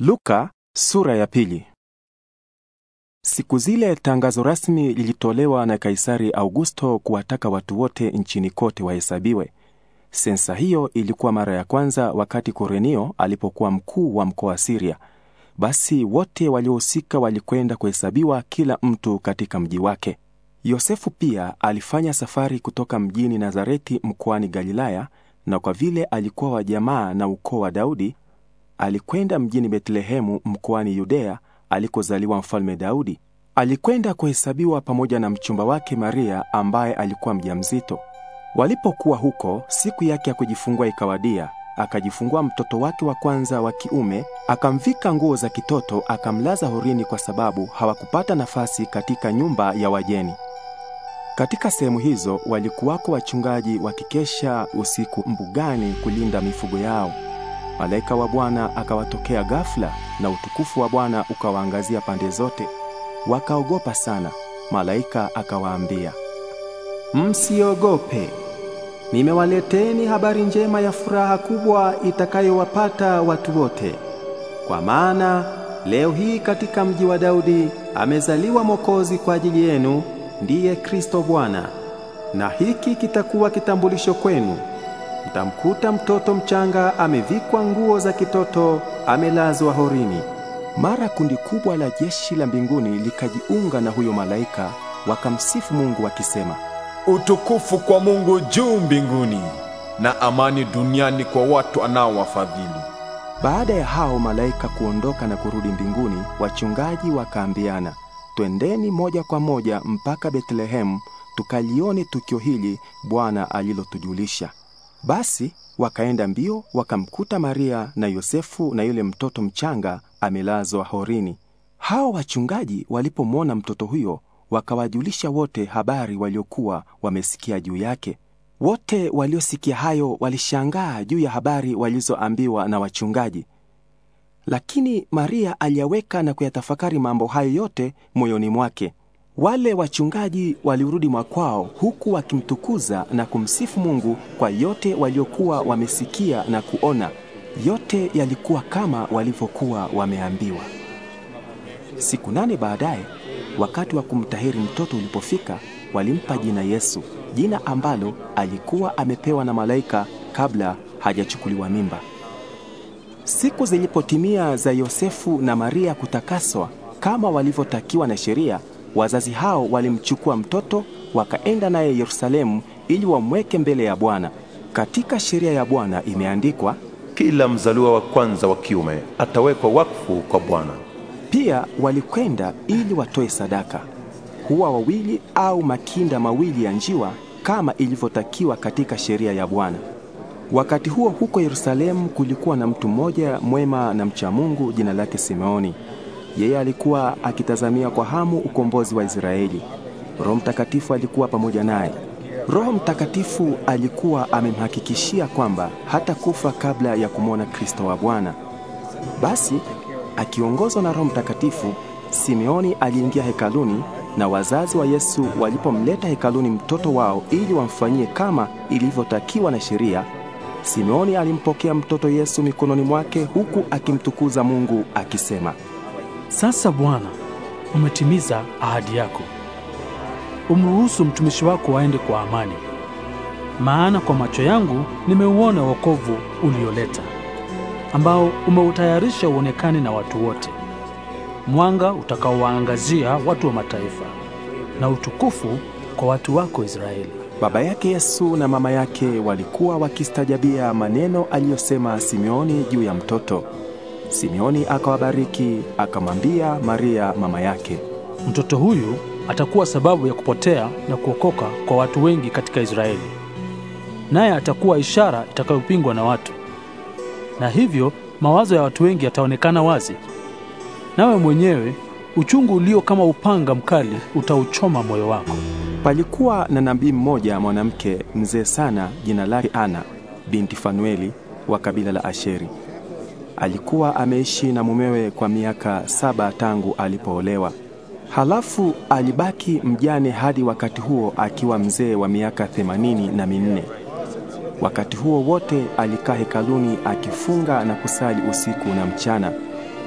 Luka sura ya pili. Siku zile tangazo rasmi lilitolewa na Kaisari Augusto kuwataka watu wote nchini kote wahesabiwe. Sensa hiyo ilikuwa mara ya kwanza wakati Korenio alipokuwa mkuu wa mkoa wa Siria. Basi wote waliohusika walikwenda kuhesabiwa kila mtu katika mji wake. Yosefu pia alifanya safari kutoka mjini Nazareti mkoani Galilaya na kwa vile alikuwa wa jamaa na ukoo wa Daudi alikwenda mjini Betlehemu mkoani Yudea alikozaliwa mfalme Daudi. Alikwenda kuhesabiwa pamoja na mchumba wake Maria ambaye alikuwa mjamzito. Walipokuwa huko, siku yake ya kujifungua ikawadia, akajifungua mtoto wake wa kwanza wa kiume, akamvika nguo za kitoto, akamlaza horini, kwa sababu hawakupata nafasi katika nyumba ya wajeni Katika sehemu hizo walikuwako wachungaji wakikesha usiku mbugani kulinda mifugo yao. Malaika wa Bwana akawatokea ghafla, na utukufu wa Bwana ukawaangazia pande zote. Wakaogopa sana. Malaika akawaambia, msiogope, nimewaleteni habari njema ya furaha kubwa itakayowapata watu wote, kwa maana leo hii katika mji wa Daudi amezaliwa Mwokozi kwa ajili yenu, ndiye Kristo Bwana. Na hiki kitakuwa kitambulisho kwenu mtamkuta mtoto mchanga amevikwa nguo za kitoto, amelazwa horini. Mara kundi kubwa la jeshi la mbinguni likajiunga na huyo malaika, wakamsifu Mungu wakisema, utukufu kwa Mungu juu mbinguni na amani duniani kwa watu anaowafadhili. Baada ya hao malaika kuondoka na kurudi mbinguni, wachungaji wakaambiana, twendeni moja kwa moja mpaka Betlehemu tukalione tukio hili Bwana alilotujulisha. Basi wakaenda mbio wakamkuta Maria na Yosefu na yule mtoto mchanga amelazwa horini. Hao wachungaji walipomwona mtoto huyo wakawajulisha wote habari waliokuwa wamesikia juu yake. Wote waliosikia hayo walishangaa juu ya habari walizoambiwa na wachungaji. Lakini Maria aliyaweka na kuyatafakari mambo hayo yote moyoni mwake. Wale wachungaji walirudi mwakwao huku wakimtukuza na kumsifu Mungu kwa yote waliokuwa wamesikia na kuona. Yote yalikuwa kama walivyokuwa wameambiwa. Siku nane baadaye, wakati wa kumtahiri mtoto ulipofika, walimpa jina Yesu, jina ambalo alikuwa amepewa na malaika kabla hajachukuliwa mimba. Siku zilipotimia za Yosefu na Maria kutakaswa kama walivyotakiwa na sheria, Wazazi hao walimchukua mtoto wakaenda naye Yerusalemu ili wamweke mbele ya Bwana. Katika sheria ya Bwana imeandikwa, kila mzaliwa wa kwanza wa kiume atawekwa wakfu kwa Bwana. Pia walikwenda ili watoe sadaka, huwa wawili au makinda mawili ya njiwa kama ilivyotakiwa katika sheria ya Bwana. Wakati huo huko Yerusalemu kulikuwa na mtu mmoja mwema na mcha Mungu, jina lake Simeoni. Yeye alikuwa akitazamia kwa hamu ukombozi wa Israeli. Roho Mtakatifu alikuwa pamoja naye. Roho Mtakatifu alikuwa amemhakikishia kwamba hatakufa kabla ya kumwona Kristo wa Bwana. Basi akiongozwa na Roho Mtakatifu, Simeoni aliingia hekaluni, na wazazi wa Yesu walipomleta hekaluni mtoto wao ili wamfanyie kama ilivyotakiwa na sheria, Simeoni alimpokea mtoto Yesu mikononi mwake, huku akimtukuza Mungu akisema: sasa Bwana, umetimiza ahadi yako, umruhusu mtumishi wako aende kwa amani, maana kwa macho yangu nimeuona wokovu ulioleta, ambao umeutayarisha uonekane na watu wote, mwanga utakaowaangazia watu wa mataifa, na utukufu kwa watu wako Israeli. Baba yake Yesu na mama yake walikuwa wakistajabia maneno aliyosema Simeoni juu ya mtoto. Simeoni akawabariki akamwambia Maria mama yake, mtoto huyu atakuwa sababu ya kupotea na kuokoka kwa watu wengi katika Israeli, naye atakuwa ishara itakayopingwa na watu, na hivyo mawazo ya watu wengi yataonekana wazi. Nawe mwenyewe uchungu ulio kama upanga mkali utauchoma moyo wako. Palikuwa na nabii mmoja mwanamke mzee sana, jina lake Ana binti Fanueli wa kabila la Asheri. Alikuwa ameishi na mumewe kwa miaka saba tangu alipoolewa. Halafu alibaki mjane hadi wakati huo akiwa mzee wa miaka themanini na minne. Wakati huo wote alikaa hekaluni akifunga na kusali usiku na mchana.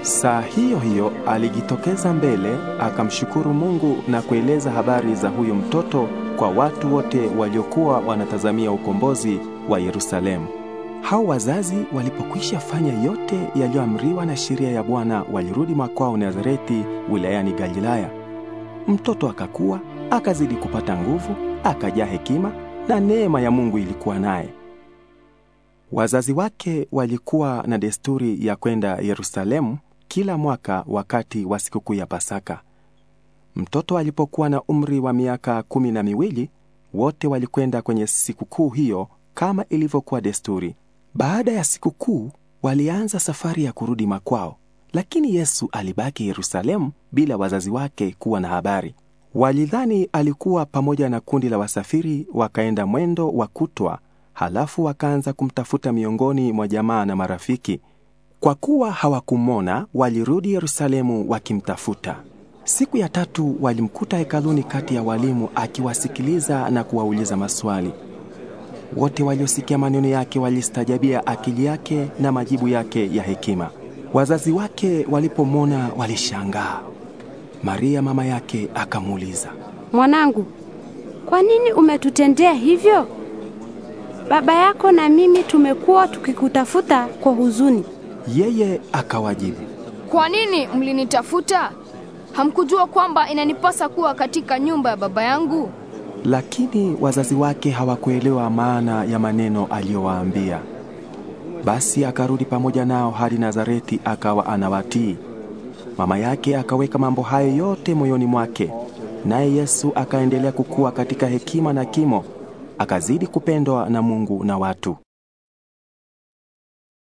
Saa hiyo hiyo alijitokeza mbele akamshukuru Mungu na kueleza habari za huyo mtoto kwa watu wote waliokuwa wanatazamia ukombozi wa Yerusalemu. Hao wazazi walipokwisha fanya yote yaliyoamriwa na sheria ya Bwana, walirudi makwao Nazareti, wilayani Galilaya. Mtoto akakuwa, akazidi kupata nguvu, akajaa hekima, na neema ya Mungu ilikuwa naye. Wazazi wake walikuwa na desturi ya kwenda Yerusalemu kila mwaka wakati wa sikukuu ya Pasaka. Mtoto alipokuwa na umri wa miaka kumi na miwili, wote walikwenda kwenye sikukuu hiyo kama ilivyokuwa desturi. Baada ya siku kuu walianza safari ya kurudi makwao, lakini Yesu alibaki Yerusalemu bila wazazi wake kuwa na habari. Walidhani alikuwa pamoja na kundi la wasafiri, wakaenda mwendo wa kutwa, halafu wakaanza kumtafuta miongoni mwa jamaa na marafiki. Kwa kuwa hawakumwona, walirudi Yerusalemu wakimtafuta. Siku ya tatu walimkuta hekaluni kati ya walimu akiwasikiliza na kuwauliza maswali. Wote waliosikia maneno yake walistajabia akili yake na majibu yake ya hekima. Wazazi wake walipomwona walishangaa. Maria mama yake akamuuliza, mwanangu, kwa nini umetutendea hivyo? Baba yako na mimi tumekuwa tukikutafuta kwa huzuni. Yeye akawajibu, kwa nini mlinitafuta? Hamkujua kwamba inanipasa kuwa katika nyumba ya baba yangu? lakini wazazi wake hawakuelewa maana ya maneno aliyowaambia. Basi akarudi pamoja nao hadi Nazareti, akawa anawatii. Mama yake akaweka mambo hayo yote moyoni mwake, naye Yesu akaendelea kukua katika hekima na kimo, akazidi kupendwa na Mungu na watu.